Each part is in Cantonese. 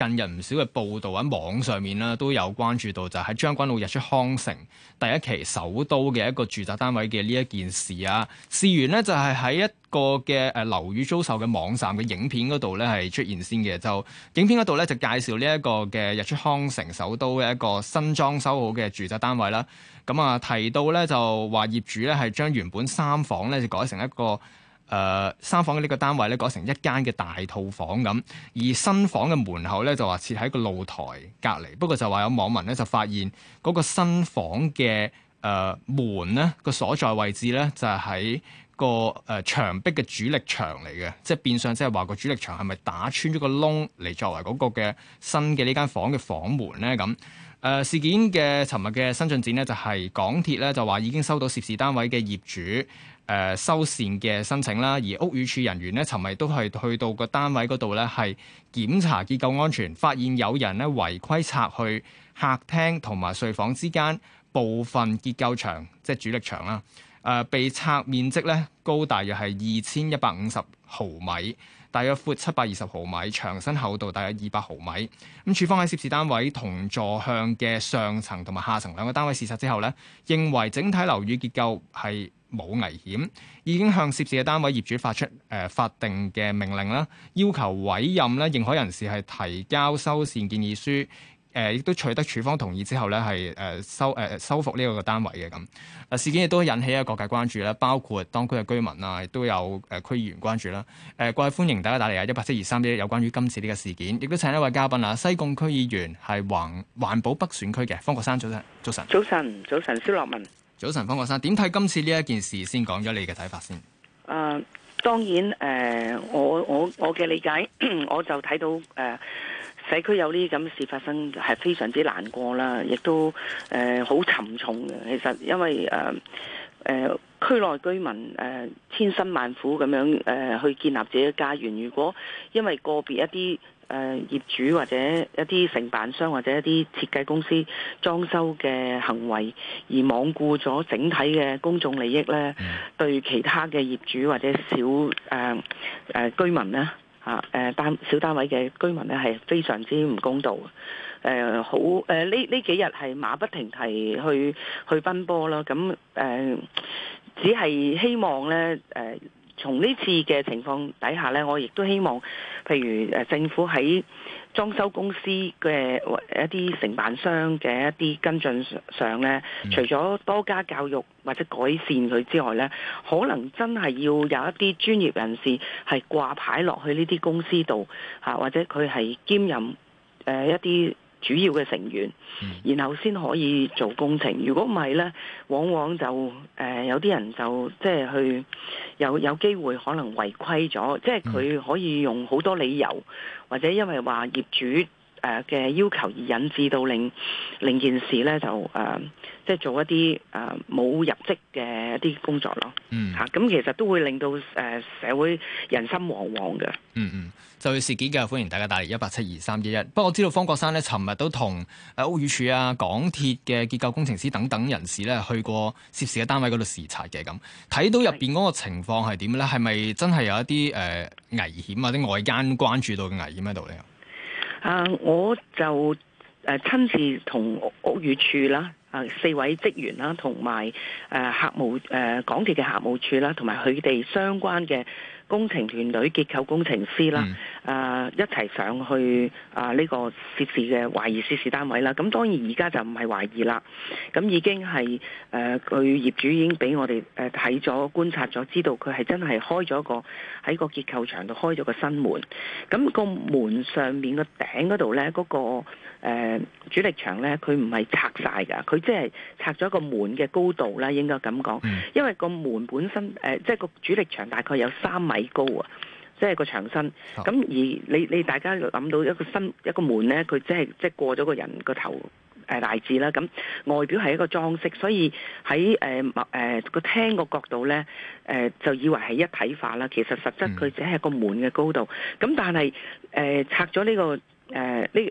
近日唔少嘅報道喺網上面啦，都有關注到，就喺將軍澳日出康城第一期首都嘅一個住宅單位嘅呢一件事啊。事源呢就係喺一個嘅誒樓宇租售嘅網站嘅影片嗰度呢係出現先嘅，就影片嗰度呢，就介紹呢一個嘅日出康城首都嘅一個新裝修好嘅住宅單位啦。咁啊提到呢就話業主呢係將原本三房呢就改成一個。誒、呃、三房嘅呢個單位咧，改成一間嘅大套房咁，而新房嘅門口咧就話設喺個露台隔離。不過就話有網民咧就發現嗰個新房嘅誒、呃、門咧個所在位置咧就係、是、喺、個誒、呃、牆壁嘅主力牆嚟嘅，即係變相即係話個主力牆係咪打穿咗個窿嚟作為嗰個嘅新嘅呢間房嘅房門咧咁？誒、呃、事件嘅尋日嘅新進展呢，就係、是、港鐵咧就話已經收到涉事單位嘅業主。誒修繕嘅申請啦，而屋宇署人員呢，尋日都係去到個單位嗰度呢，係檢查結構安全，發現有人呢違規拆去客廳同埋睡房之間部分結構牆，即係主力牆啦。誒被拆面積咧高，大約係二千一百五十毫米，大約闊七百二十毫米，牆身厚度大約二百毫米。咁處方喺涉事單位同座向嘅上層同埋下層兩個單位視察之後咧，認為整體樓宇結構係冇危險，已經向涉事嘅單位業主發出誒、呃、法定嘅命令啦，要求委任咧認可人士係提交修繕建議書。誒亦都取得署方同意之後咧，係誒收誒、呃、收復呢個單位嘅咁、啊。事件亦都引起啊各界關注咧，包括當區嘅居民啊，都有誒、呃、區議員關注啦。誒、呃、各位歡迎大家打嚟啊！一八七二三一，有關於今次呢個事件，亦都請一位嘉賓啊，西貢區議員係環環保北選區嘅方國珊，早晨，早晨，早晨，早晨，早晨。蕭樂文，早晨。方國珊，點睇今次呢一件事，先講咗你嘅睇法先？誒、uh, 當然誒、uh,，我我我嘅理解， 我就睇到誒。Uh, 社區有啲咁嘅事發生，係非常之難過啦，亦都呃、好沉重嘅。其實因為、呃呃、區內居民、呃、千辛萬苦咁樣、呃、去建立自己嘅家園，如果因為個別一啲、呃、業主或者一啲承辦商或者一啲設計公司裝修嘅行為而罔顧咗整體嘅公眾利益咧，對其他嘅業主或者小、呃呃、居民呢。啊！誒單小單位嘅居民咧，係非常之唔公道，誒、呃、好誒呢呢幾日係馬不停蹄去去奔波啦，咁、呃、誒只係希望咧誒從呢、呃、呢次嘅情況底下咧，我亦都希望譬如誒政府喺。裝修公司嘅一啲承辦商嘅一啲跟進上咧，除咗多加教育或者改善佢之外咧，可能真係要有一啲專業人士係掛牌落去呢啲公司度嚇或者佢係兼任誒一啲。主要嘅成員，然後先可以做工程。如果唔係咧，往往就誒、呃、有啲人就即係去有有機會可能違規咗，即係佢可以用好多理由，或者因為話業主誒嘅、呃、要求而引致到令令件事咧就誒、呃、即係做一啲誒冇入。職嘅一啲工作咯，嗯，吓咁、啊、其實都會令到誒、呃、社會人心惶惶嘅。嗯嗯，就事件嘅，歡迎大家打嚟一八七二三一一。2, 3, 1, 1，不過我知道方國珊咧，尋日都同屋宇署啊、港鐵嘅結構工程師等等人士咧，去過涉事嘅單位嗰度視察嘅，咁睇到入邊嗰個情況係點咧？係咪真係有一啲誒、呃、危險或者外間關注到嘅危險喺度咧？啊、呃，我就誒親、呃、自同屋屋宇署啦。啊，四位職員啦，同埋誒客務、呃、港鐵嘅客務處啦，同埋佢哋相關嘅工程團隊、結構工程師啦、嗯呃，一齊上去啊呢、呃呢個涉事嘅懷疑涉事單位啦。咁、啊、當然而家就唔係懷疑啦，咁已經係誒佢業主已經俾我哋睇咗、觀察咗，知道佢係真係開咗個喺個結構牆度開咗個新門。咁、個門上面個頂、個頂嗰度咧，嗰個。誒、呃、主力牆咧，佢唔係拆晒㗎，佢即係拆咗一個門嘅高度啦，應該咁講。Mm. 因為個門本身誒，即、呃、係、就是、個主力牆大概有三米高啊，即、就、係、是、個牆身。咁、oh. 而你你大家諗到一個新一個門咧，佢即係即係過咗個人個頭誒大致啦。咁外表係一個裝飾，所以喺誒誒個廳個角度咧，誒、呃、就以為係一體化啦。其實實質佢只係一個門嘅高度。咁、mm. 但係誒、呃、拆咗呢、這個。誒，呢呢、呃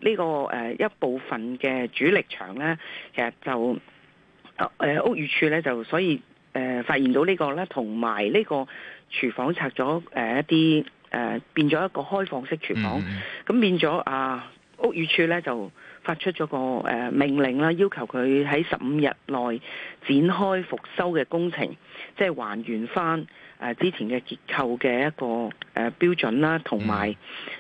這個誒、呃、一部分嘅主力牆咧，其實就誒、呃、屋宇署咧就所以誒、呃、發現到呢、這個咧，同埋呢個廚房拆咗誒一啲誒變咗一個開放式廚房，咁、嗯、變咗啊、呃、屋宇署咧就發出咗個誒、呃、命令啦，要求佢喺十五日內展開復修嘅工程，即係還原翻。誒之前嘅結構嘅一個誒標準啦，同埋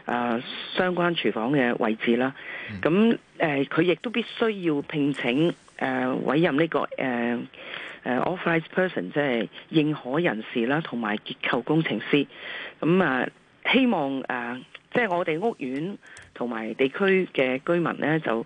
誒相關廚房嘅位置啦。咁誒、mm.，佢、啊、亦都必須要聘請誒、啊、委任呢、這個誒誒 office person，即係認可人士啦，同埋結構工程師。咁啊，希望誒，即、啊、係、就是、我哋屋苑同埋地區嘅居民咧，就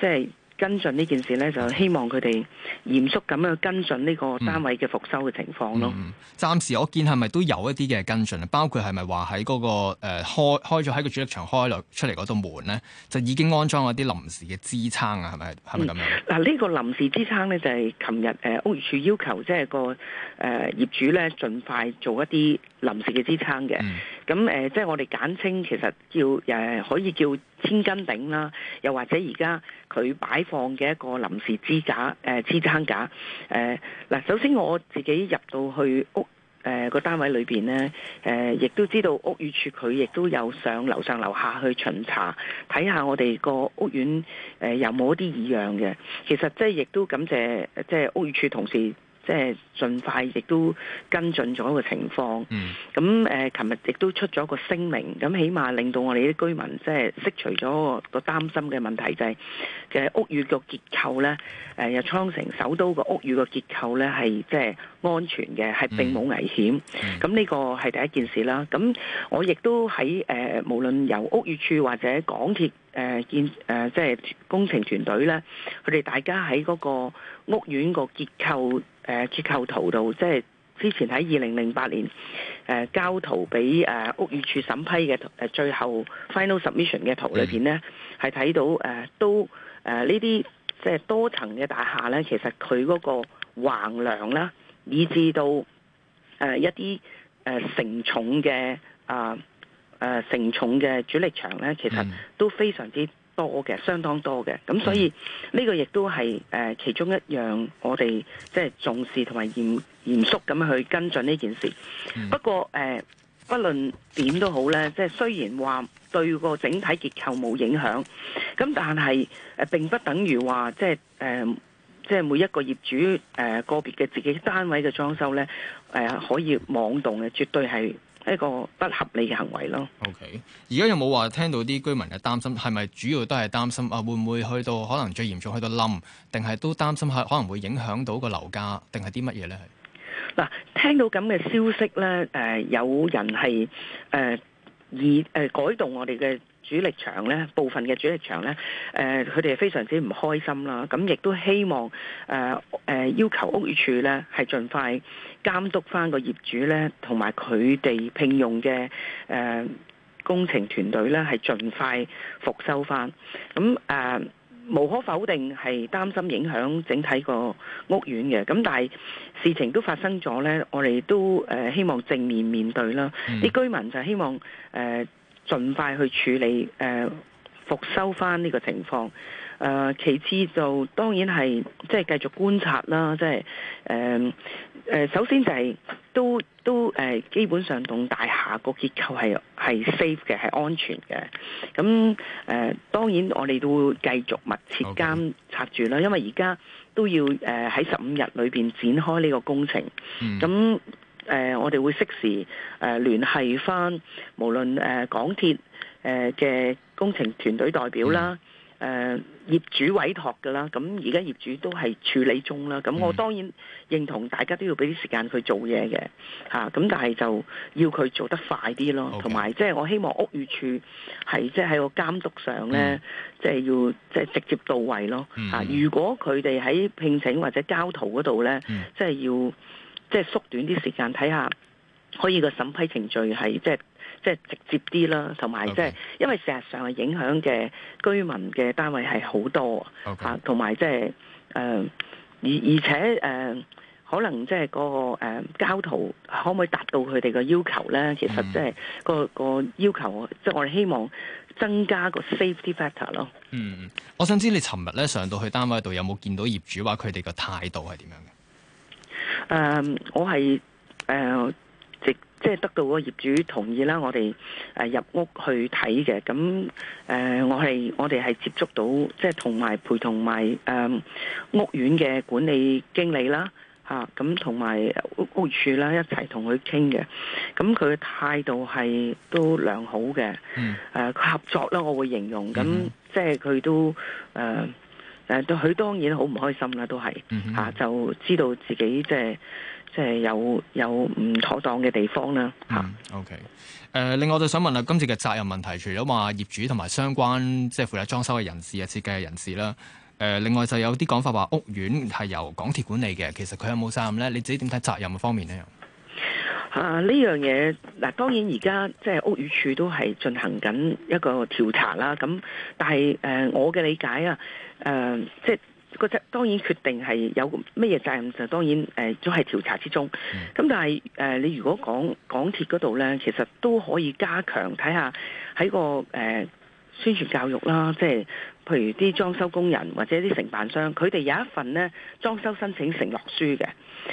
即係。就是跟進呢件事咧，就希望佢哋嚴肅咁樣去跟進呢個單位嘅復修嘅情況咯。暫、嗯嗯、時我見係咪都有一啲嘅跟進啊？包括係咪話喺嗰個誒、呃、開開咗喺個主力牆開落出嚟嗰度門咧，就已經安裝一啲臨時嘅支撐、嗯、啊？係咪係咪咁樣？嗱，呢個臨時支撐咧就係琴日誒屋宇署要求即係個誒、呃、業主咧盡快做一啲。臨時嘅支撐嘅，咁誒、呃、即係我哋簡稱，其實叫誒、呃、可以叫千斤頂啦，又或者而家佢擺放嘅一個臨時支架誒、呃、支撐架誒。嗱、呃，首先我自己入到去屋誒個、呃、單位裏邊咧，誒、呃、亦都知道屋宇署佢亦都有上樓上樓下去巡查，睇下我哋個屋苑誒有冇一啲異樣嘅。其實即係亦都感謝即係屋宇署同事。即係盡快，亦都跟進咗個情況。咁誒、嗯，琴、呃、日亦都出咗個聲明，咁起碼令到我哋啲居民即係釋除咗個擔心嘅問題、就是，就係、是、屋宇個結構呢。誒、呃，日出康城首都個屋宇個結構呢，係即係安全嘅，係並冇危險。咁呢、嗯嗯、個係第一件事啦。咁我亦都喺誒、呃，無論由屋宇署或者港鐵誒、呃、建、呃、即係工程團隊呢，佢哋大家喺嗰個屋苑個結構。誒結構圖度，即係之前喺二零零八年誒、呃、交圖俾誒、呃、屋宇署審批嘅誒、呃、最後 final submission 嘅圖裏邊咧，係睇、嗯、到誒、呃、都誒呢啲即係多層嘅大廈咧，其實佢嗰個橫梁啦，以至到誒、呃、一啲誒承重嘅啊誒承重嘅主力牆咧，其實都非常之多嘅，相當多嘅，咁所以呢個亦都係誒其中一樣我哋即係重視同埋嚴嚴肅咁去跟進呢件事。嗯、不過誒、呃，不論點都好咧，即係雖然話對個整體結構冇影響，咁但係誒並不等於話即係誒即係每一個業主誒、呃、個別嘅自己單位嘅裝修咧誒可以妄動嘅，絕對係。一個不合理嘅行為咯。O K，而家有冇話聽到啲居民係擔心，係咪主要都係擔心啊？會唔會去到可能最嚴重去到冧，定係都擔心下，可能會影響到個樓價，定係啲乜嘢咧？嗱，聽到咁嘅消息咧，誒，有人係誒以誒改動我哋嘅主力牆咧，部分嘅主力牆咧，誒，佢哋係非常之唔開心啦。咁亦都希望誒誒要求屋宇署咧，係盡快。監督翻個業主呢，同埋佢哋聘用嘅誒工程團隊呢，係盡快復修翻。咁誒，無可否定係擔心影響整體個屋苑嘅。咁但係事情都發生咗呢，我哋都誒希望正面面對啦。啲居民就希望誒盡快去處理誒復修翻呢個情況。誒、呃，其次就當然係即係繼續觀察啦，即係誒誒，首先就係都都誒、呃，基本上棟大廈個結構係係 safe 嘅，係安全嘅。咁誒、呃，當然我哋都會繼續密切監察住啦，Okay. 因為而家都要誒喺十五日裏邊展開呢個工程。咁誒、mm. 呃，我哋會適時誒、呃、聯繫返無論誒港鐵誒嘅、呃、工程團隊代表啦，誒、mm. 呃。業主委託嘅啦，咁而家業主都係處理中啦，咁我當然認同大家都要俾啲時間去做嘢嘅，嚇、啊，咁但係就要佢做得快啲咯，同埋即係我希望屋宇署係即係喺個監督上咧，即係、嗯、要即係直接到位咯，啊、如果佢哋喺聘請或者交圖嗰度咧，即係、嗯、要即係縮短啲時間睇下，看看可以個審批程序係即係。就是即係直接啲啦，同埋即係因為事實上係影響嘅居民嘅單位係好多 Okay. 啊，同埋即係誒而而且誒、呃、可能即係、個誒、呃、交圖可唔可以達到佢哋嘅要求咧？嗯、其實即係、個、個要求即係、即係、我哋希望增加個 safety factor 咯、嗯。嗯，我想知你尋日咧上到去單位度有冇見到業主話佢哋嘅態度係點樣嘅？誒、呃，我係誒。呃即即係得到個業主同意啦，我哋誒入屋去睇嘅，咁誒、呃、我係我哋係接觸到，即係同埋陪同埋誒、呃、屋苑嘅管理經理啦，嚇咁同埋屋屋苑處啦一齊同佢傾嘅，咁佢嘅態度係都良好嘅，佢、mm hmm. 呃、合作啦，我會形容，咁即係佢都誒誒，佢、呃、當然好唔開心啦，都係嚇、mm hmm. 啊、就知道自己即係。即係有有唔妥當嘅地方啦，吓、嗯。O K，誒，另外就想問下今次嘅責任問題，除咗話業主同埋相關即係負責裝修嘅人士啊、設計嘅人士啦，誒、呃，另外就有啲講法話屋苑係由港鐵管理嘅，其實佢有冇責任咧？你自己點睇責任嘅方面咧？啊，呢樣嘢嗱，當然而家即係屋宇署都係進行緊一個調查啦。咁但係誒，我嘅理解啊，誒、呃，即係。個就當然決定係有咩嘢責任就當然誒，都係調查之中。咁、嗯、但係誒、呃，你如果講港鐵嗰度咧，其實都可以加強睇下喺個誒、呃、宣傳教育啦，即係譬如啲裝修工人或者啲承辦商，佢哋有一份咧裝修申請承諾書嘅，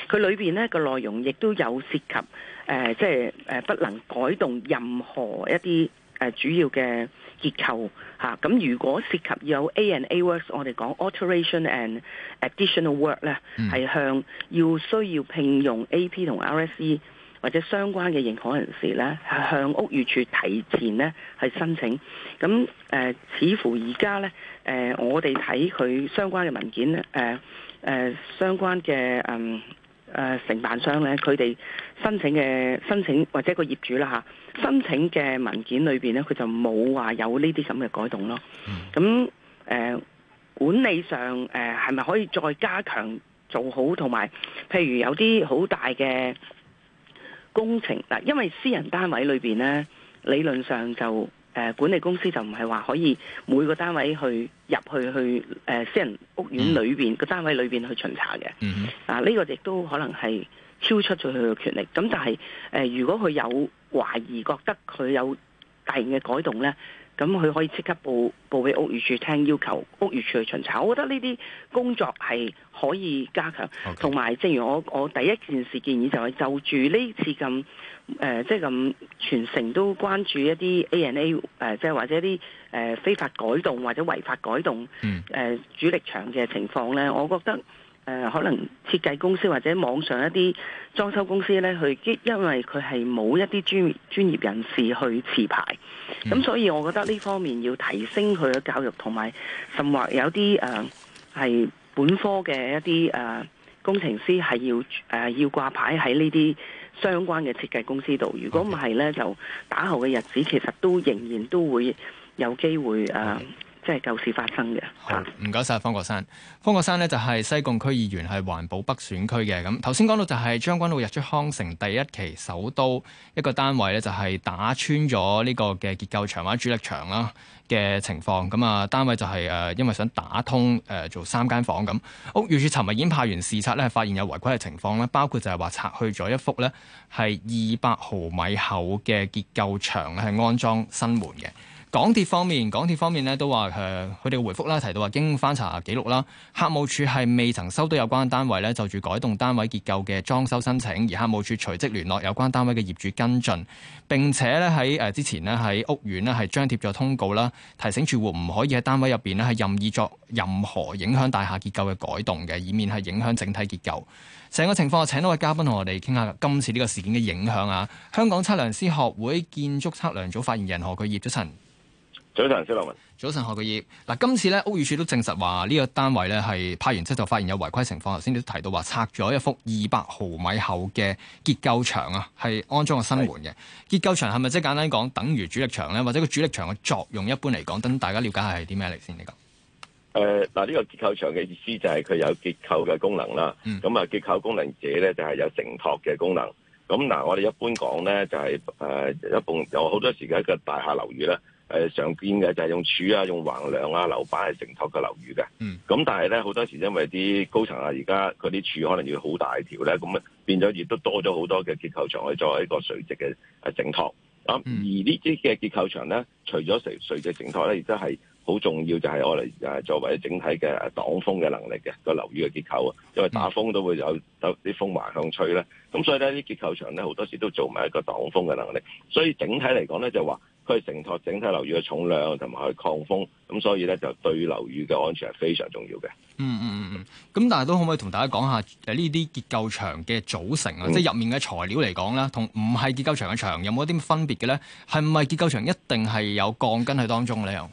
佢裏邊咧個內容亦都有涉及誒、呃，即係誒、呃、不能改動任何一啲誒、呃、主要嘅結構咁、啊、如果涉及有 A and A works，我哋講 alteration and additional work 咧，係向要需要聘用 AP 同 RSE 或者相關嘅認可人士咧，向屋宇署提前咧係申請。咁、呃、似乎而家咧我哋睇佢相關嘅文件咧、呃呃，相關嘅嗯誒、呃、承辦商咧，佢哋申請嘅申請或者個業主啦、啊申請嘅文件裏邊咧，佢就冇話有呢啲咁嘅改動咯。咁誒、呃、管理上誒係咪可以再加強做好，同埋譬如有啲好大嘅工程嗱，因為私人單位裏邊咧理論上就誒、呃、管理公司就唔係話可以每個單位去入去去誒私人屋苑裏邊個單位裏邊去巡查嘅。嗯、哼啊，呢、呢個亦都可能係。超出咗佢嘅權力，咁但係、呃，如果佢有懷疑，覺得佢有大型嘅改動呢，咁佢可以即刻報報俾屋宇署聽，要求屋宇署去巡查。我覺得呢啲工作係可以加強，同埋 Okay. 正如我我第一件事建議就係就住呢次咁即係咁全城都關注一啲 A N A 即、呃、係或者一啲、呃、非法改動或者違法改動、mm. 呃、主力牆嘅情況呢。我覺得。誒可能設計公司或者網上一啲裝修公司呢，佢因因為佢係冇一啲專專業人士去持牌，咁所以我覺得呢方面要提升佢嘅教育，同埋甚或有啲誒係本科嘅一啲誒、呃、工程師係要誒、呃、要掛牌喺呢啲相關嘅設計公司度。如果唔係呢，就打後嘅日子其實都仍然都會有機會誒。呃即係舊事發生嘅。好，唔該晒，方國珊。方國珊呢就係西貢區議員，係環保北選區嘅。咁頭先講到就係將軍澳日出康城第一期首都一個單位咧，就係打穿咗呢個嘅結構牆或者主力牆啦嘅情況。咁啊，單位就係、是、誒、呃、因為想打通誒、呃、做三間房咁。屋宇署尋日已經派員視察咧，發現有違規嘅情況咧，包括就係話拆去咗一幅咧係二百毫米厚嘅結構牆咧，係安裝新門嘅。港鐵方面，港鐵方面咧都話誒，佢哋嘅回覆咧提到話，經翻查記錄啦，客務處係未曾收到有關單位咧就住改動單位結構嘅裝修申請，而客務處隨即聯絡有關單位嘅業主跟進。並且咧喺誒之前咧喺屋苑咧係張貼咗通告啦，提醒住戶唔可以喺單位入邊咧係任意作任何影響大廈結構嘅改動嘅，以免係影響整體結構。成個情況啊，請多位嘉賓同我哋傾下今次呢個事件嘅影響啊！香港測量師學會建築測量組發言人何鉅業，早晨。早晨，小劉文。早晨，何鉅業。嗱、啊，今次咧，屋宇署都證實話呢個單位咧係派完之後發現有違規情況。頭先你都提到話拆咗一幅二百毫米厚嘅結構牆啊，係安裝個新門嘅。是結構牆係咪即係簡單講等於主力牆咧？或者個主力牆嘅作用一般嚟講，等大家了解下係啲咩嚟先？你講誒，嗱，呢個結構牆嘅意思就係佢有結構嘅功能啦。咁啊、嗯，結構功能者咧就係、是、有承托嘅功能。咁嗱、呃，我哋一般講咧就係、是、誒、呃，一部有好多時嘅一個大廈樓宇啦。誒常見嘅就係用柱啊、用橫梁啊、樓板嚟承托個樓宇嘅。咁、嗯、但係咧，好多時因為啲高層啊，而家佢啲柱可能要好大條咧，咁啊變咗亦都多咗好多嘅結構牆去作為一個垂直嘅誒承托。咁、嗯、而呢啲嘅結構牆咧，除咗垂直承托咧，亦都係好重要，就係我哋作為整體嘅擋風嘅能力嘅個樓宇嘅結構啊。因為打風都會有有啲、嗯、風橫向吹咧，咁所以呢啲結構牆咧好多時都做埋一個擋風嘅能力。所以整體嚟講咧，就話，佢承托整體樓宇嘅重量，同埋去抗風，咁所以咧就對樓宇嘅安全係非常重要嘅。嗯嗯嗯嗯，咁但係都可唔可以同大家講下誒呢啲結構牆嘅組成啊，即係入面嘅材料嚟講啦，同唔係結構牆嘅牆有冇一啲分別嘅咧？係唔係結構牆一定係有鋼筋喺當中咧？又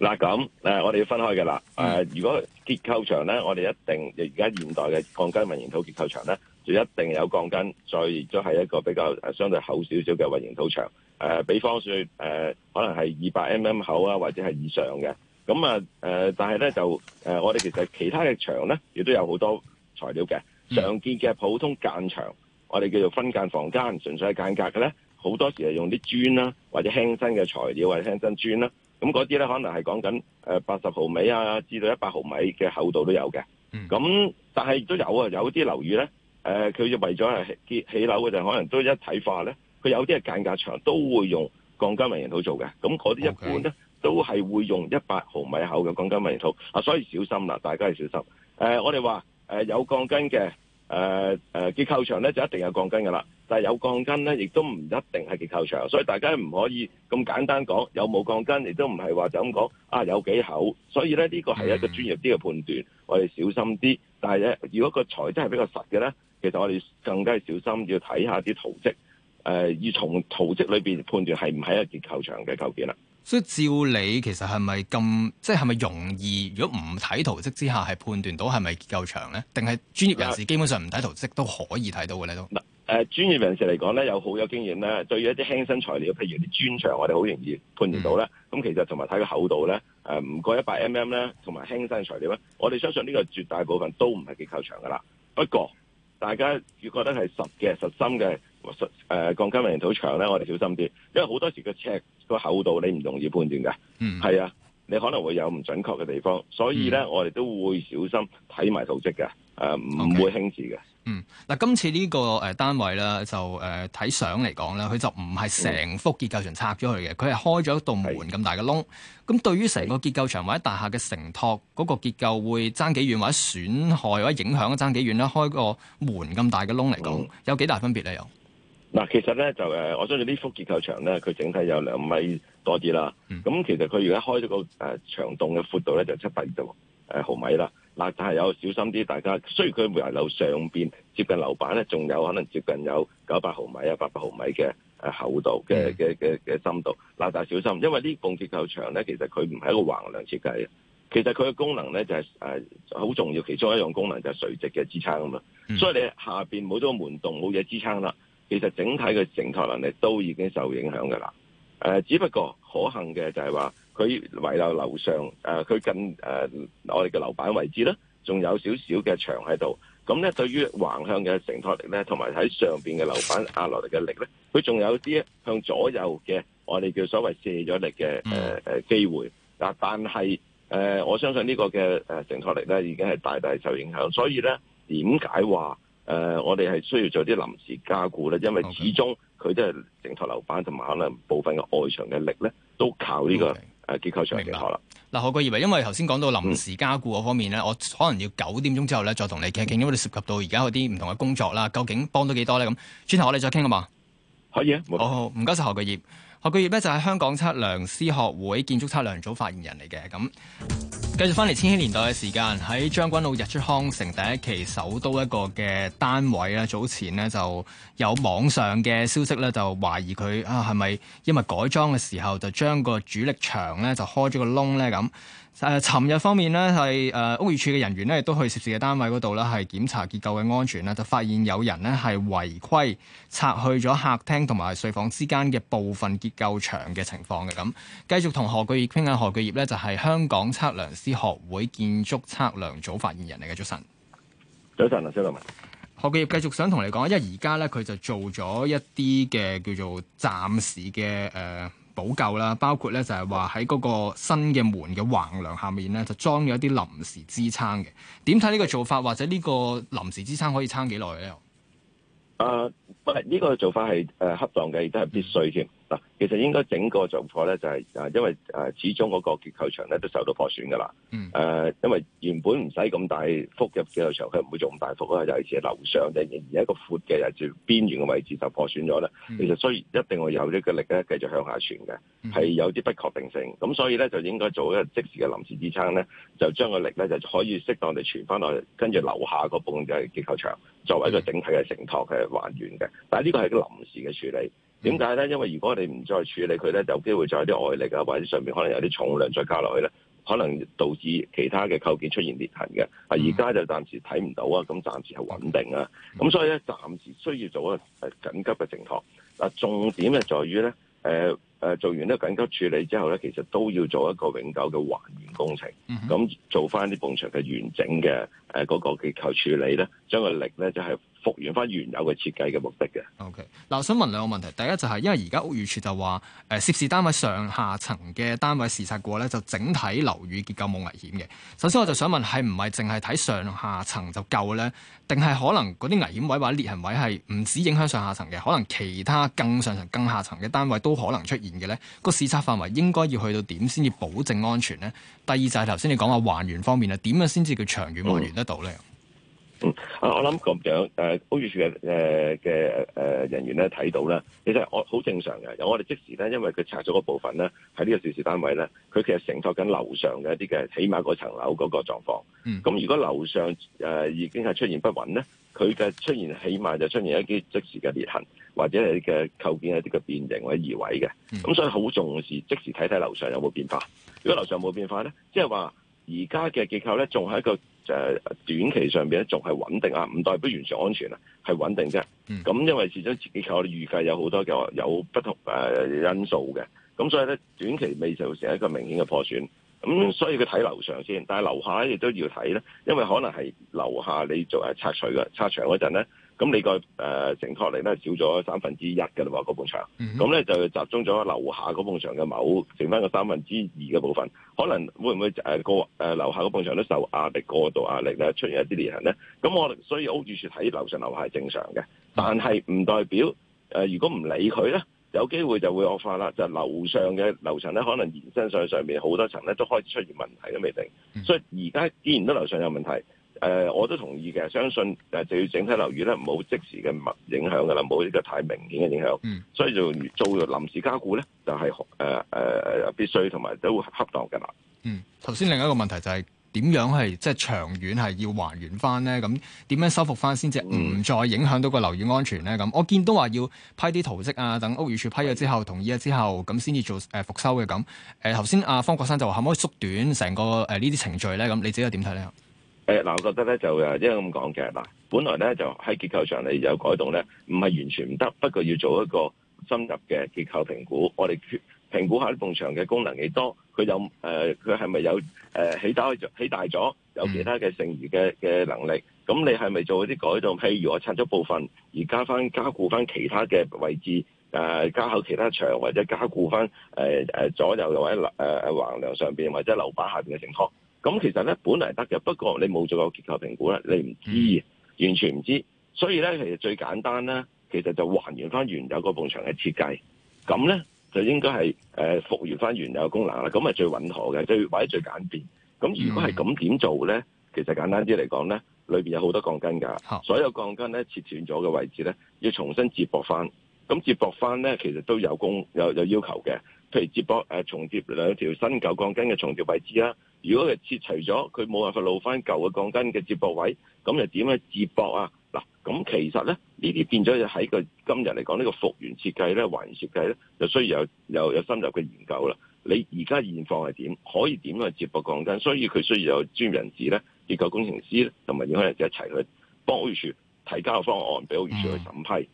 嗱咁誒，我哋要分開嘅啦。誒，如果結構牆咧，我哋一定而家現代嘅鋼筋混凝土結構牆咧，就一定有鋼筋，再亦都係一個比較誒相對厚少少嘅混凝土牆。誒、呃，比方説，誒、呃，可能係二百 mm 厚啊，或者係以上嘅。咁、嗯、啊，誒、呃，但係咧就誒、呃，我哋其實其他嘅牆咧，亦都有好多材料嘅。常見嘅普通間牆，我哋叫做分間房間，純粹係間隔嘅咧，好多時係用啲磚啦、啊，或者輕身嘅材料，或者輕身磚啦、啊。咁嗰啲咧，可能係講緊誒八十毫米啊，至到一百毫米嘅厚度都有嘅。咁、嗯嗯，但係都有啊，有啲樓宇咧，誒、呃，佢為咗係建起樓嘅就可能都一體化咧。佢有啲係間隔牆，都會用鋼筋混凝土做嘅。咁嗰啲一般咧，Okay. 都係會用一百毫米厚嘅鋼筋混凝土啊。所以小心啦，大家要小心。誒、呃，我哋話誒有鋼筋嘅誒誒結構牆咧，就一定有鋼筋㗎啦。但係有鋼筋咧，亦都唔一定係結構牆，所以大家唔可以咁簡單講有冇鋼筋，亦都唔係話就咁講啊。有幾厚？所以咧，呢個係一個專業啲嘅判斷，mm hmm. 我哋小心啲。但係咧，如果個材質係比較實嘅咧，其實我哋更加小心要睇下啲圖則。誒，要從圖則裏邊判斷係唔係一個結構牆嘅構件啦。所以照你其實係咪咁，即係咪容易？如果唔睇圖則之下，係判斷到係咪結構牆咧？定係專業人士基本上唔睇圖則都可以睇到嘅咧都。嗱、呃，誒、呃，專業人士嚟講咧，有好有經驗咧，對於一啲輕身材料，譬如啲磚牆，我哋好容易判斷到咧。咁、嗯、其實同埋睇個厚度咧，誒、呃，唔過一百 mm 咧，同埋輕身材料咧，我哋相信呢個絕大部分都唔係結構牆噶啦。不過。大家要覺得係實嘅、實心嘅、實誒、呃、鋼筋混凝土牆咧，我哋小心啲，因為好多時個尺個厚度你唔容易判斷嘅，係、嗯、啊，你可能會有唔準確嘅地方，所以咧、嗯、我哋都會小心睇埋圖則嘅，誒、呃、唔 Okay. 會輕視嘅。嗯，嗱，今次呢個誒單位咧，就誒睇相嚟講咧，佢、呃、就唔係成幅結構牆拆咗佢嘅，佢係開咗一道門咁大嘅窿。咁是的 對於成個結構牆或者大廈嘅承托嗰、那個結構會爭幾遠，或者損害或者影響爭幾遠咧？開個門咁大嘅窿嚟講，嗯、有幾大分別咧？又嗱，其實咧就誒，我相信呢幅結構牆咧，佢整體有兩米多啲啦。咁、嗯、其實佢如果開咗個誒牆洞嘅闊度咧，就七百幾度誒、呃、毫米啦。嗱，但係有小心啲，大家雖然佢埋樓樓上邊接近樓板咧，仲有可能接近有九百毫米啊、八百毫米嘅誒厚度嘅嘅嘅嘅深度。嗱，mm. 但係小心，因為呢棟結構牆咧，其實佢唔係一個橫梁設計啊。其實佢嘅功能咧就係誒好重要，其中一樣功能就係垂直嘅支撐啊嘛。Mm. 所以你下邊冇咗個門洞，冇嘢支撐啦，其實整體嘅承托能力都已經受影響㗎啦。誒、呃，只不過可幸嘅就係話。佢唯有樓上誒，佢、呃、近誒、呃、我哋嘅樓板位置咧，仲有少少嘅牆喺度。咁咧，對於橫向嘅承托力咧，同埋喺上邊嘅樓板壓落嚟嘅力咧，佢仲有啲向左右嘅我哋叫所謂卸咗力嘅誒誒機會。但係誒、呃，我相信呢個嘅誒承托力咧，已經係大大受影響。所以咧，點解話誒我哋係需要做啲臨時加固咧？因為始終佢都係承托樓板同埋可能部分嘅外牆嘅力咧，都靠呢、呢個。誒，結構上嘅嘢，好啦。嗱，何鉅業，因為頭先講到臨時加固嗰方面咧，嗯、我可能要九點鐘之後咧再同你傾一傾，因為你涉及到而家嗰啲唔同嘅工作啦，究竟幫到幾多咧？咁轉頭我哋再傾啊嘛。好，可以啊。哦、好，唔該晒何鉅業。何鉅業咧就係香港測量師學會建築測量組發言人嚟嘅。咁。繼續翻嚟千禧年代嘅時間，喺將軍澳日出康城第一期首都一個嘅單位咧，早前咧就有網上嘅消息咧，就懷疑佢啊，係咪因為改裝嘅時候就將個主力牆咧就開咗個窿咧咁。誒，尋日方面呢係誒屋宇署嘅人員呢亦都去涉事嘅單位嗰度咧，係檢查結構嘅安全啦，就發現有人呢係違規拆去咗客廳同埋睡房之間嘅部分結構牆嘅情況嘅咁。繼續同何鉅業傾下，何鉅業呢，就係香港測量師學會建築測量組發言人嚟嘅，早晨。早晨啊，張立文。何鉅業繼續想同你講，因為而家呢，佢就做咗一啲嘅叫做暫時嘅誒。呃補救啦，包括咧就係話喺嗰個新嘅門嘅橫梁下面咧，就裝咗一啲臨時支撐嘅。點睇呢個做法，或者呢個臨時支撐可以撐幾耐咧？誒、啊，唔係呢個做法係誒恰當嘅，亦都係必須嘅。嗱，其實應該整個狀況咧，就係啊，因為誒始終嗰個結構牆咧都受到破損噶啦。誒，因為原本唔使咁大幅嘅結構牆，佢唔會做咁大幅咯，尤其係樓上定而一個闊嘅，就住邊緣嘅位置就破損咗咧。Mm. 其實所以一定會有呢個力咧，繼續向下傳嘅，係、mm. 有啲不確定性。咁所以咧，就應該做一個即時嘅臨時支撐咧，就將個力咧就可以適當地傳翻落跟住樓下嗰個部分嘅結構牆，作為一個整體嘅承托嘅還原嘅。但係呢個係一個臨時嘅處理。點解咧？因為如果你唔再處理佢咧，有機會就有啲外力啊，或者上面可能有啲重量再加落去咧，可能導致其他嘅構件出現裂痕嘅。啊，而家就暫時睇唔到啊，咁暫時係穩定啊。咁所以咧，暫時需要做一個誒緊急嘅整托。嗱，重點咧在於咧，誒、呃、誒做完呢個緊急處理之後咧，其實都要做一個永久嘅還原工程。咁做翻啲埲牆嘅完整嘅誒嗰個結構處理咧，將個力咧就係、是。復原翻原有嘅設計嘅目的嘅。O K，嗱，我想問兩個問題。第一就係，因為而家屋宇署就話，誒、呃，涉事單位上下層嘅單位視察過咧，就整體樓宇結構冇危險嘅。首先，我就想問，係唔係淨係睇上下層就夠咧？定係可能嗰啲危險位或者裂痕位係唔止影響上下層嘅？可能其他更上層、更下層嘅單位都可能出現嘅咧？個視察範圍應該要去到點先至保證安全咧？第二就係頭先你講話，還原方面啊，點樣先至叫長遠還原得到咧？嗯嗯，啊，我諗咁樣誒，屋宇署嘅誒嘅誒人員咧睇到咧，其實我好正常嘅，我哋即時咧，因為佢拆咗嗰部分咧，喺呢個涉事單位咧，佢其實在承托緊樓上嘅一啲嘅，起碼嗰層樓嗰個狀況。咁、嗯、如果樓上誒、呃、已經係出現不穩咧，佢嘅出現起碼就出現一啲即時嘅裂痕，或者係嘅構件一啲嘅變形或者移位嘅。咁、嗯、所以好重視即時睇睇樓上有冇變化。如果樓上冇有有變化咧，即係話，而家嘅結構咧，仲係一個誒、呃、短期上邊咧，仲係穩定啊，唔代表完全安全啊，係穩定啫。咁、嗯、因為始終結構，我預計有好多嘅有，有不同誒、呃、因素嘅，咁所以咧短期未造成一個明顯嘅破損。咁、嗯、所以佢睇樓上先，但係樓下亦都要睇咧，因為可能係樓下你做係拆除嘅，拆牆嗰陣咧，咁你個誒承載力咧少咗三分之一嘅啦嘛，嗰埲牆，咁咧、嗯、哼就集中咗樓下嗰埲牆嘅某剩翻個三分之二嘅部分，可能會唔會誒、呃、過、呃、樓下嗰埲牆都受壓力過度壓力咧出現一啲裂痕咧？咁我所以我預住，睇樓上樓下係正常嘅，但係唔代表誒、呃、如果唔理佢咧。有機會就會惡化啦，就樓上嘅樓層咧，可能延伸上上面好多層咧，都開始出現問題都未定。嗯，所以而家既然都樓上有問題，誒、呃、我都同意嘅，相信誒就要整體樓宇咧唔好即時嘅物影響嘅啦，冇呢個太明顯嘅影響。嗯，所以就做臨時加固咧，就係誒誒必須同埋都會恰當嘅啦。嗯，頭先另一個問題就係。點樣係即係長遠係要還原翻咧？咁點樣修復翻先至唔再影響到個樓宇安全咧？咁我見到話要批啲圖則啊，等屋宇署批咗之後同意咗之後，咁先至做誒、呃、復修嘅咁。誒頭先阿方國珊就話可唔可以縮短成個誒呢啲程序咧？咁你自己又點睇咧？誒嗱、欸，我覺得咧就誒因為咁講嘅嗱，本來咧就喺結構上嚟有改動咧，唔係完全唔得，不過要做一個深入嘅結構評估，我哋決。評估下呢埲牆嘅功能幾多？佢有誒，佢係咪有誒起大咗？起大咗有其他嘅剩餘嘅嘅能力？咁你係咪做啲改動？譬如我拆咗部分，而加翻加固翻其他嘅位置誒、呃，加厚其他牆，或者加固翻誒誒左右或者誒橫梁上邊，或者樓板下邊嘅情況？咁其實咧本嚟得嘅，不過你冇做過結構評估咧，你唔知，完全唔知。所以咧，其實最簡單咧，其實就還原翻原有個埲牆嘅設計。咁咧。就應該係誒復原翻原有嘅功能啦，咁咪最穩妥嘅，最或者最簡便。咁如果係咁點做咧，mm hmm. 其實簡單啲嚟講咧，裏面有好多鋼筋㗎，oh. 所有鋼筋咧切斷咗嘅位置咧，要重新接駁翻。咁接駁翻咧，其實都有工有有要求嘅，譬如接駁、呃、重接兩條新舊鋼筋嘅重接位置啦。如果係切除咗，佢冇辦法露翻舊嘅鋼筋嘅接駁位，咁又點樣接駁啊？嗱，咁其實咧，呢啲變咗喺個今日嚟講，呢個復原設計咧、環設計咧，就需要有有，有深入嘅研究啦。你而家現況係點？可以點樣去接駁鋼筋？所以佢需要有專業人士咧、結構工程師咧，同埋業內人士一齊去幫屋宇署提交方案俾屋宇署去審批。嗯。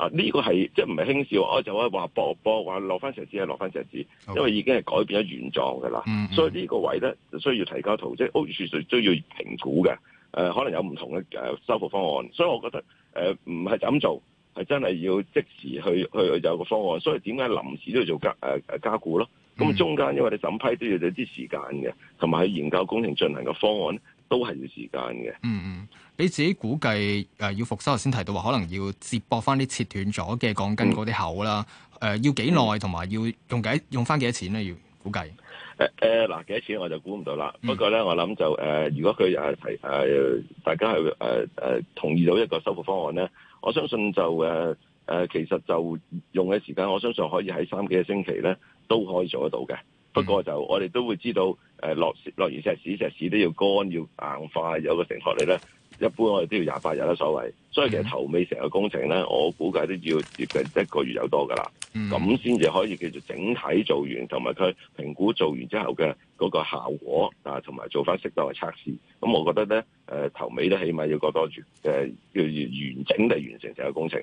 啊！呢、這個係即係唔係輕笑，我、哦、就話話博博話落翻石屎係落翻石屎，因為已經係改變咗原狀嘅啦。嗯嗯。所以呢個位咧需要提交圖，即係屋宇署需要評估嘅。誒、呃，可能有唔同嘅誒修復方案。所以我覺得誒唔係就咁做，係真係要即時去去有個方案。所以點解臨時都要做加誒誒、呃、加固咯？咁中間因為你審批都要有啲時間嘅，同埋去研究工程進行嘅方案都係要時間嘅。嗯嗯。你自己估計誒、呃、要復修，頭先提到話可能要接駁翻啲切斷咗嘅鋼筋嗰啲口啦，誒、嗯呃、要幾耐，同埋要用幾用翻幾多錢咧？要估計誒誒嗱幾多錢我就估唔到啦。嗯、不過咧，我諗就誒、呃，如果佢誒誒大家係誒誒同意到一個修復方案咧，我相信就誒誒、呃、其實就用嘅時間，我相信可以喺三幾個星期咧都可以做得到嘅。不過就我哋都會知道誒、呃、落落完石屎，石屎都要乾要硬化，有個承托力咧。一般我哋都要廿八日啦，所謂，所以其實頭尾成個工程咧，我估計都要接近一個月有多噶啦，咁先至可以叫做整體做完，同埋佢評估做完之後嘅嗰個效果啊，同埋做翻適當嘅測試。咁我覺得咧，誒頭尾都起碼要個多月、呃、要完整地完成成個工程。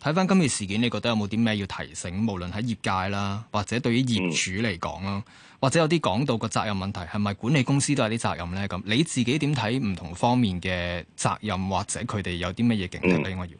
睇翻今次事件，你覺得有冇啲咩要提醒？無論喺業界啦，或者對於業主嚟講啦。嗯或者有啲講到個責任問題，係咪管理公司都有啲責任咧？咁你自己點睇唔同方面嘅責任，或者佢哋有啲乜嘢警惕俾我？誒、嗯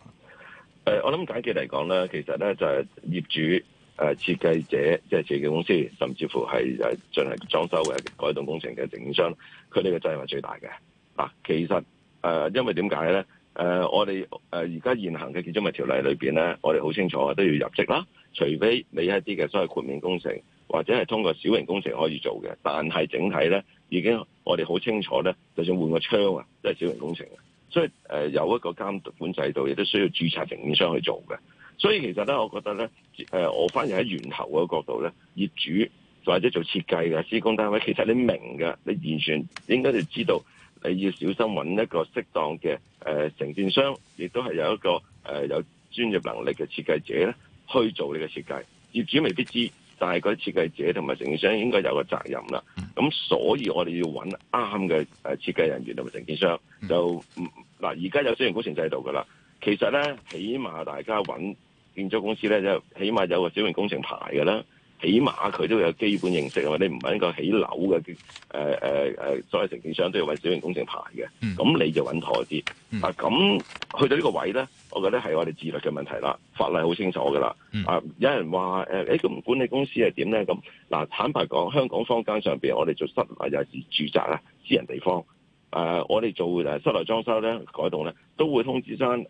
呃，我諗簡潔嚟講咧，其實咧就係、是、業主、誒、呃、設計者、即係設計公司，甚至乎係誒進行裝修嘅改動工程嘅整商，佢哋嘅責任係最大嘅。嗱、啊，其實誒、呃，因為點解咧？誒、呃，我哋誒而家現行嘅建築物條例裏邊咧，我哋好清楚都要入職啦。除非你一啲嘅所謂豁免工程，或者係通過小型工程可以做嘅，但係整體咧，已經我哋好清楚咧。就算換個窗啊，都係小型工程。所以誒、呃，有一個監管制度，亦都需要註冊承建商去做嘅。所以其實咧，我覺得咧，誒、呃，我反而喺源頭嗰個角度咧，業主或者做設計嘅施工單位，其實你明㗎，你完全應該就知道，你要小心揾一個適當嘅誒承建商，亦都係有一個誒、呃、有專業能力嘅設計者咧。去做呢個設計，業主未必知，但係嗰啲設計者同埋承建商應該有個責任啦。咁所以我哋要揾啱嘅誒設計人員同埋承建商，就，嗱，而家有小型工程制度㗎啦。其實咧，起碼大家揾建築公司咧，就起碼有個小型工程牌㗎啦。起碼佢都有基本認識啊！你唔係一個起樓嘅誒誒誒所有承建商都要為小型工程牌嘅，咁、嗯、你就穩妥啲、嗯、啊！咁去到呢個位咧，我覺得係我哋自律嘅問題啦。法例好清楚㗎啦，嗯、啊！有人話誒誒，唔、欸、管理公司係點咧？咁嗱，坦白講，香港坊間上邊我哋做室內又、就是、住宅啊，私人地方誒、啊，我哋做誒室內裝修咧、改動咧，都會通知翻誒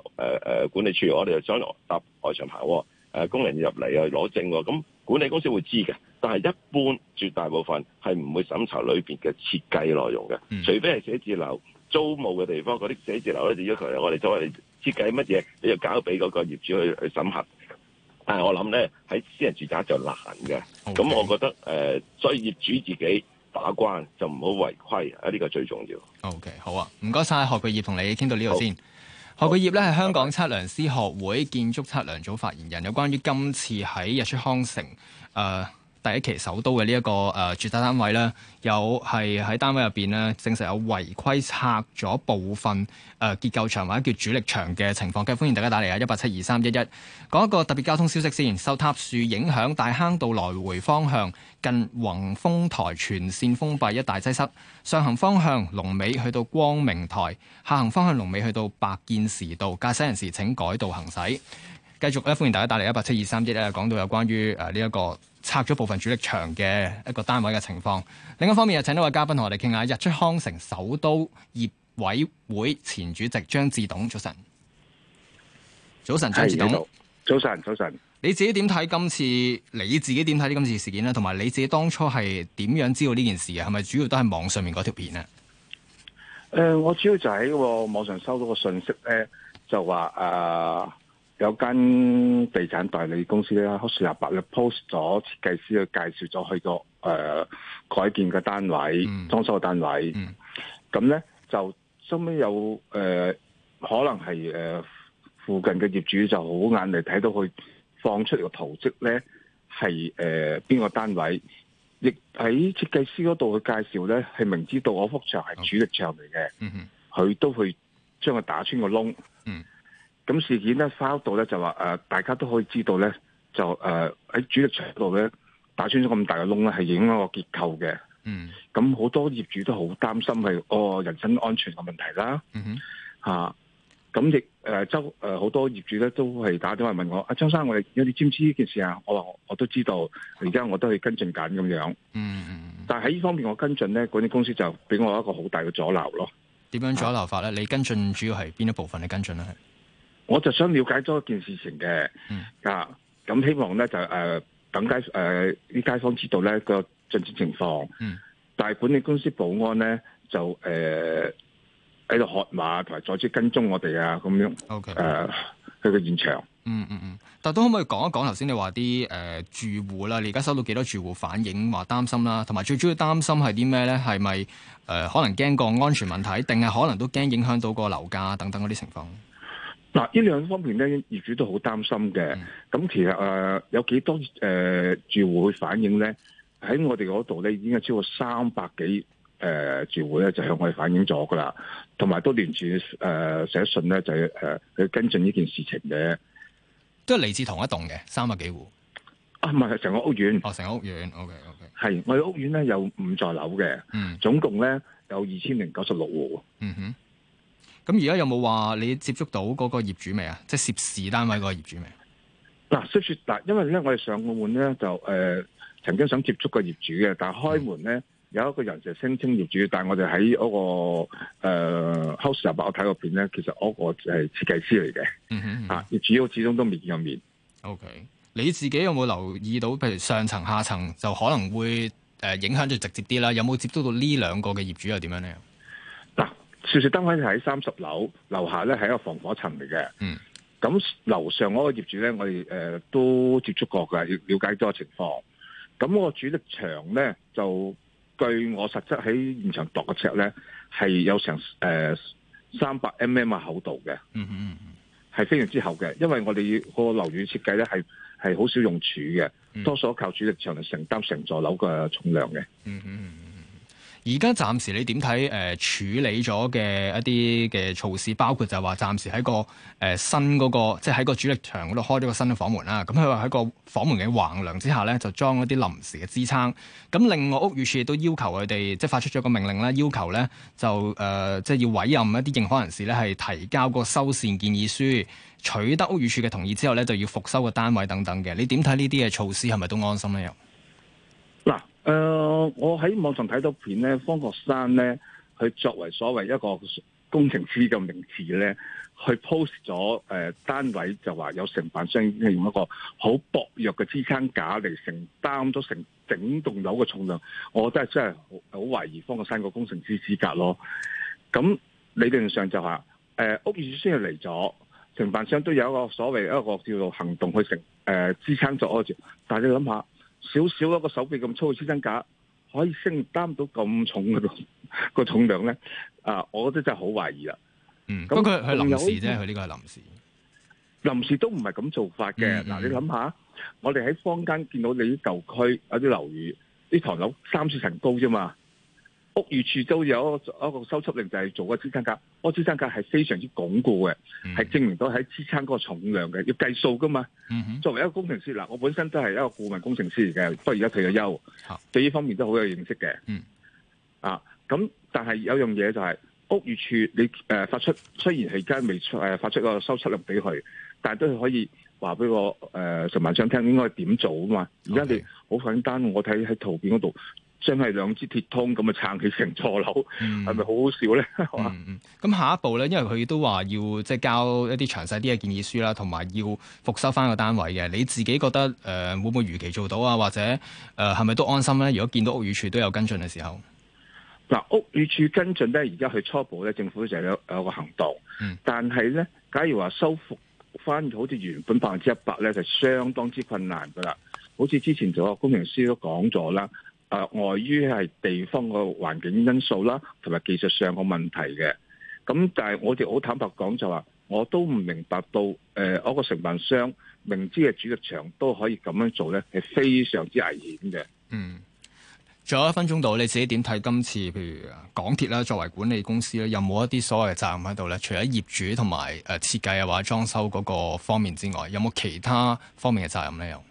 誒管理處，我哋就想搭外牆牌，誒、呃、工人入嚟又攞證㗎，咁、嗯。嗯管理公司會知嘅，但係一般絕大部分係唔會審查裏邊嘅設計內容嘅，嗯、除非係寫字樓租務嘅地方嗰啲寫字樓咧，就要求我哋作為設計乜嘢，你就交俾嗰個業主去去審核。但係我諗咧喺私人住宅就難嘅，咁 Okay 我覺得誒、呃，所以業主自己把關就唔好違規啊，呢、這個最重要。OK，好啊，唔該晒。何鉅業同你傾到呢度先。何鉅業咧係香港測量師學會建築測量組發言人，有關於今次喺日出康城誒。呃第一期首都嘅呢一個誒、呃、住宅單位咧，有係喺單位入面咧，證實，有違規拆咗部分誒、呃、結構牆或者叫主力牆嘅情況。繼續啊，歡迎大家打嚟啊，一八七二三一一，講一個特別交通消息先。受塌樹影響，大坑道來回方向近宏豐臺全綫封閉，一大擠塞。上行方向龍尾去到光明台，下行方向龍尾去到白建時道。駕駛人士請改道行駛。繼續咧，歡迎大家打嚟，一八七二三一一，2, 3, 1, 講到有關於誒呢一個。拆咗部分主力牆嘅一個單位嘅情況。另一方面，又請到位嘉賓同我哋傾下日出康城首都業委會前主席張志董，早晨。早晨，張志董。早晨，早晨。你自己點睇今次？你自己點睇呢？今次事件呢？同埋你自己當初係點樣知道呢件事嘅？係咪主要都係網上面嗰條片咧？誒、呃，我主要就喺個網上收到個信息，呢，就話誒。呃有間地產代理公司咧，去年八月 post 咗設計師去介紹咗佢個誒改建嘅單位、裝、嗯、修嘅單位，咁咧、嗯、就收尾有誒、呃、可能係誒、呃、附近嘅業主就好眼利睇到佢放出嚟嘅圖則咧係誒邊個單位，亦喺設計師嗰度去介紹咧，係明知道嗰幅牆係主力牆嚟嘅，佢、嗯嗯、都去將佢打穿個窿。嗯咁事件咧發到咧就話、呃、大家都可以知道咧，就誒喺、呃、主力牆度咧打穿咗咁大嘅窿咧，係影響個結構嘅。嗯，咁好多業主都好擔心，係哦人身安全嘅問題啦。咁亦誒周誒好多業主咧都係打電話問我，阿張生，我哋有啲知唔知呢件事啊？我話我都知道，而家我都係跟進緊咁樣。嗯嗯哼，但喺呢方面我跟進咧，管理公司就俾我一個好大嘅阻撓咯。點樣阻撓法咧？啊、你跟進主要係邊一部分你跟進咧？我就想了解多一件事情嘅，嗯、啊，咁希望咧就誒、呃、等街誒啲、呃、街坊知道咧個進展情況，嗯、但係管理公司保安咧就誒喺度喝馬同埋再次跟蹤我哋啊咁樣，Okay，誒佢個現場。嗯嗯嗯，但都可唔可以講一講，頭先你話啲誒住戶啦？你而家收到幾多住戶反映話擔心啦？同埋最主要擔心係啲咩咧？係咪誒可能驚個安全問題，定係可能都驚影響到個樓價等等嗰啲情況？嗱，呢兩、啊、方面咧，業主都好擔心嘅。咁、嗯、其實誒、呃，有幾多誒、呃、住戶會反映咧？喺我哋嗰度咧，已經有超過三百幾誒住戶咧，就向我哋反映咗㗎喇。同埋都聯署誒、呃、寫信咧，就誒、是、去、呃、跟進呢件事情嘅，都係嚟自同一棟嘅三百幾戶。啊，唔係成個屋苑。哦，成個屋苑。OK，OK okay, okay。係我哋屋苑咧有五座樓嘅，嗯、總共咧有二千零九十六戶。嗯哼。咁而家有冇話你接觸到嗰個業主未啊？即係涉事單位個業主未？嗱，嗱，因為咧我哋上個門咧就誒、呃，曾經想接觸個業主嘅，但係開門咧、嗯、有一個人就聲稱業主，但係我哋喺嗰個誒 house 入邊，我睇個片咧，其實我個係設計師嚟嘅，吓業主要始終都未見個面。O、okay. K，你自己有冇留意到譬如上層下層就可能會誒影響就直接啲啦？有冇接觸到呢兩個嘅業主又點樣咧？涉事單位喺三十樓樓下咧，係一個防火層嚟嘅。嗯，咁樓上嗰個業主咧，我哋誒、呃、都接觸過嘅，了解咗個情況。咁個主力牆咧，就據我實質喺現場度嘅尺咧，係有成誒三百 mm 嘅厚度嘅。嗯嗯，係非常之厚嘅，因為我哋個樓宇設計咧，係係好少用柱嘅，多數靠主力牆嚟承擔成座樓嘅重量嘅。嗯嗯。而家暫時你點睇誒處理咗嘅一啲嘅措施，包括就話暫時喺個新嗰個，即係喺個主力牆嗰度開咗個新嘅房門啦。咁佢話喺個房門嘅橫梁之下咧，就裝一啲臨時嘅支撐。咁另外屋宇署亦都要求佢哋，即係發出咗個命令啦，要求咧就即係、呃就係、要委任一啲認可人士咧，係提交個修繕建議書，取得屋宇署嘅同意之後咧，就要復修個單位等等嘅。你點睇呢啲嘅措施係咪都安心咧？又？誒、呃，我喺網上睇到片咧，方國珊咧，佢作為所謂一個工程師嘅名字咧，去 post 咗誒、呃、單位就話有承辦商用一個好薄弱嘅支撐架嚟承擔咗成整棟樓嘅重量，我覺得真係好懷疑方國珊個工程師資格咯。咁理論上就話、是，誒、呃、屋宇署先嚟咗，承辦商都有一個所謂一個叫做行動去承誒、呃、支撐咗嗰條，但係你諗下。少少一個手臂咁粗嘅先生架，可以承擔到咁重嘅個重量咧？啊，我覺得真係好懷疑啦。嗯，咁佢係臨時啫，佢呢個係臨時，臨時都唔係咁做法嘅。嗱，你諗下，我哋喺坊間見到你啲舊區有啲樓宇，呢啲唐樓三四層高啫嘛。屋宇處都有一個修葺令，就係、是、做個支撐架。個支撐架係非常之鞏固嘅，係、mm hmm. 證明到喺支撐個重量嘅，要計數噶嘛。Mm hmm. 作為一個工程師嗱，我本身都係一個顧問工程師嚟嘅，不過而家退咗休，ah. 對呢方面都好有認識嘅。Mm hmm. 啊，咁但係有樣嘢就係、是、屋宇處你誒、呃、發出，雖然而家未誒發出一個修葺令俾佢，但係都係可以話俾個誒陳萬昌聽，應該點做啊嘛。而家 Okay. 你好簡單，我睇喺圖片嗰度。真係兩支鐵通咁啊撐佢成座樓，係咪好好笑咧？咁 、嗯嗯嗯、下一步咧，因為佢都話要即係交一啲詳細啲嘅建議書啦，同埋要復修翻個單位嘅。你自己覺得誒、呃、會唔會如期做到啊？或者誒係咪都安心咧？如果見到屋宇署都有跟進嘅時候，嗱、嗯、屋宇署跟進咧，而家去初步咧，政府就有有個行動，嗯、但係咧，假如話修復翻好似原本百分之一百咧，就相當之困難噶啦。好似之前做嘅工程師都講咗啦。誒，礙於係地方個環境因素啦，同埋技術上個問題嘅。咁但係我哋好坦白講，就是，就話我都唔明白到誒，我、呃那個承辦商明知係主力牆都可以咁樣做咧，係非常之危險嘅。嗯，仲有一分鐘到，你自己點睇今次？譬如港鐵啦，作為管理公司咧，有冇一啲所謂嘅責任喺度咧？除咗業主同埋誒設計或者，裝修嗰個方面之外，有冇其他方面嘅責任咧？又？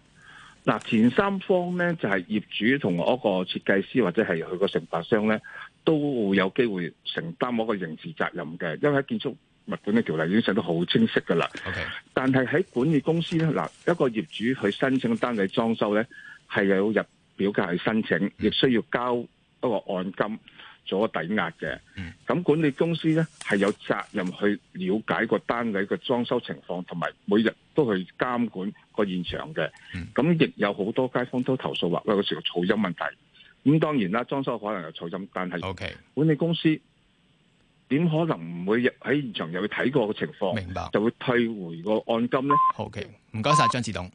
嗱，前三方咧就係、是、業主同嗰個設計師或者係佢個承辦商咧，都會有機會承擔嗰個刑事責任嘅，因為喺建築物管嘅條例已經寫得好清晰噶啦。Okay. 但係喺管理公司咧，嗱，一個業主去申請單位裝修咧，係有入表格去申請，亦需要交一個按金。做抵押嘅，咁、嗯、管理公司咧係有責任去了解個單位嘅裝修情況，同埋每日都去監管個現場嘅。咁亦、嗯、有好多街坊都投訴話喂個時候噪音問題。咁當然啦，裝修可能有噪音，但係，管理公司點可能唔會喺現場又去睇過個情況，明白就會退回個按金咧。OK，唔該晒張志董。